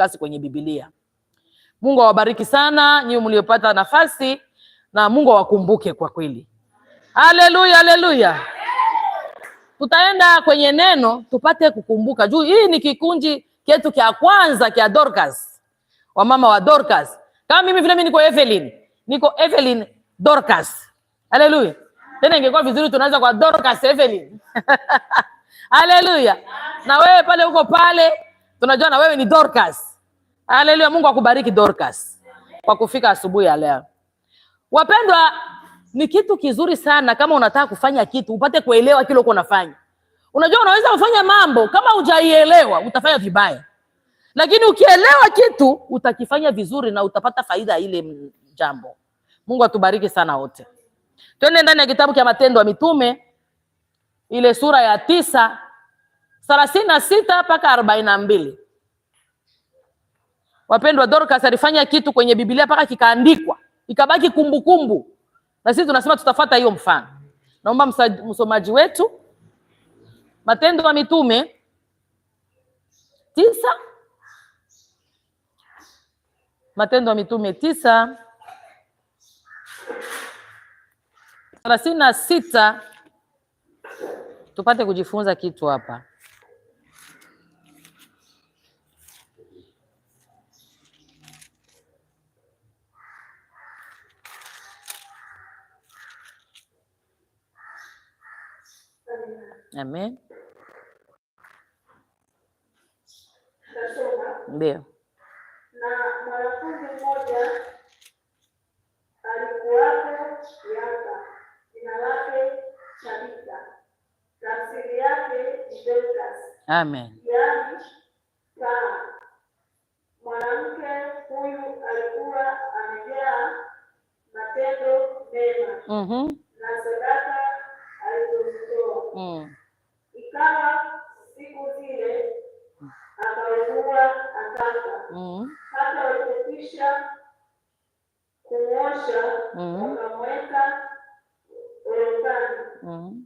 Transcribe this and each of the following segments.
karatasi kwenye Biblia. Mungu awabariki sana nyinyi mliopata nafasi na Mungu awakumbuke kwa kweli. Haleluya, haleluya. Tutaenda kwenye neno tupate kukumbuka juu hii ni kikunji chetu cha kwanza cha Dorcas. Wamama wa Dorcas. Kama mimi vile mimi niko Evelyn, niko Evelyn Dorcas. Haleluya. Tena ingekuwa vizuri tunaanza kwa Dorcas Evelyn. Haleluya. Na wewe pale uko pale tunajua na wewe ni Dorcas. Haleluya, Mungu akubariki Dorcas kwa kufika asubuhi ya leo. Wapendwa, ni kitu kizuri sana kama unataka kufanya kitu upate kuelewa kile uko unafanya. Unajua unaweza kufanya mambo kama hujaielewa utafanya vibaya. Lakini ukielewa kitu utakifanya vizuri na utapata faida ile jambo. Mungu atubariki sana wote. Twende ndani ya kitabu cha Matendo ya Mitume ile sura ya tisa thelathini na sita mpaka arobaini na mbili. Wapendwa, Dorcas alifanya kitu kwenye Biblia mpaka kikaandikwa ikabaki kumbukumbu, na sisi tunasema tutafata hiyo mfano. Naomba msomaji wetu Matendo ya Mitume tisa, Matendo ya Mitume tisa thelathini na sita tupate kujifunza kitu hapa. Amen. Ndio. Na mwanafunzi mmoja alikuwapo Yanga, jina lake Tabitha, tafsiri yake ni Dorcas. Amen. Yaani saa mwanamke huyu alikuwa amejaa matendo mema mm -hmm. na sadaka alizozitoa mm. hata mm. Sasa walipokwisha kumwosha mm. wakamweka mm.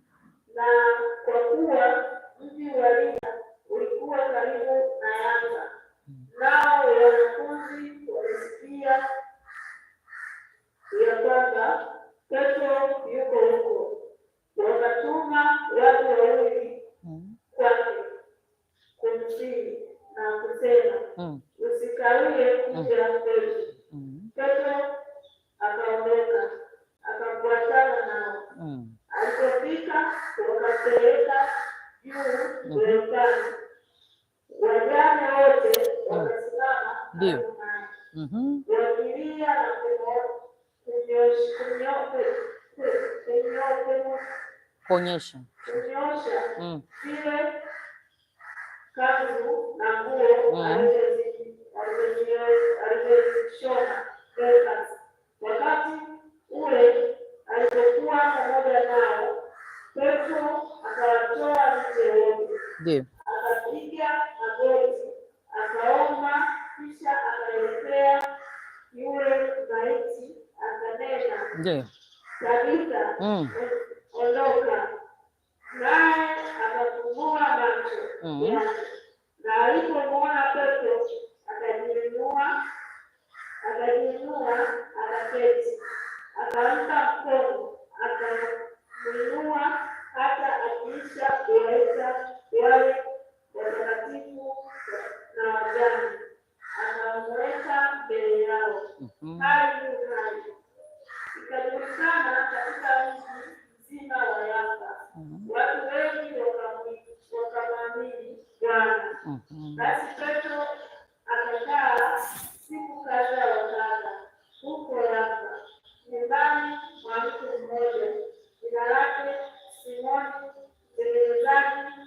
Mm. Mm. nje mm. mm-hmm. kuonyesha kunyosha zile na nguo Ndio akapiga magoti akaomba, kisha akaelekea yule maiti akanena, ndio Tabitha, mm. ondoka. Naye akafumbua macho yake mm. na alipomwona Petro akajiinua, akajiinua akaketi, akampa mkono, akamwinua hata akiisha kuweka Basi Petro siku kadha wa kadha huko nyumbani mwa mtu mmoja jina lake Simoni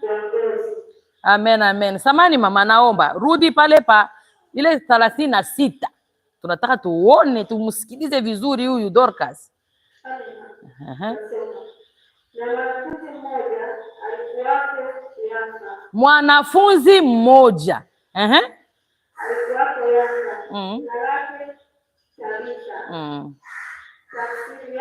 wa ngozi. Amen, amen. Samani mama, naomba rudi pale pa ile thelathini na sita tunataka tuone, tumsikilize vizuri huyu Dorcas. Na mwanafunzi mmoja mwanafunzi mmoja uh-huh. mm. mm.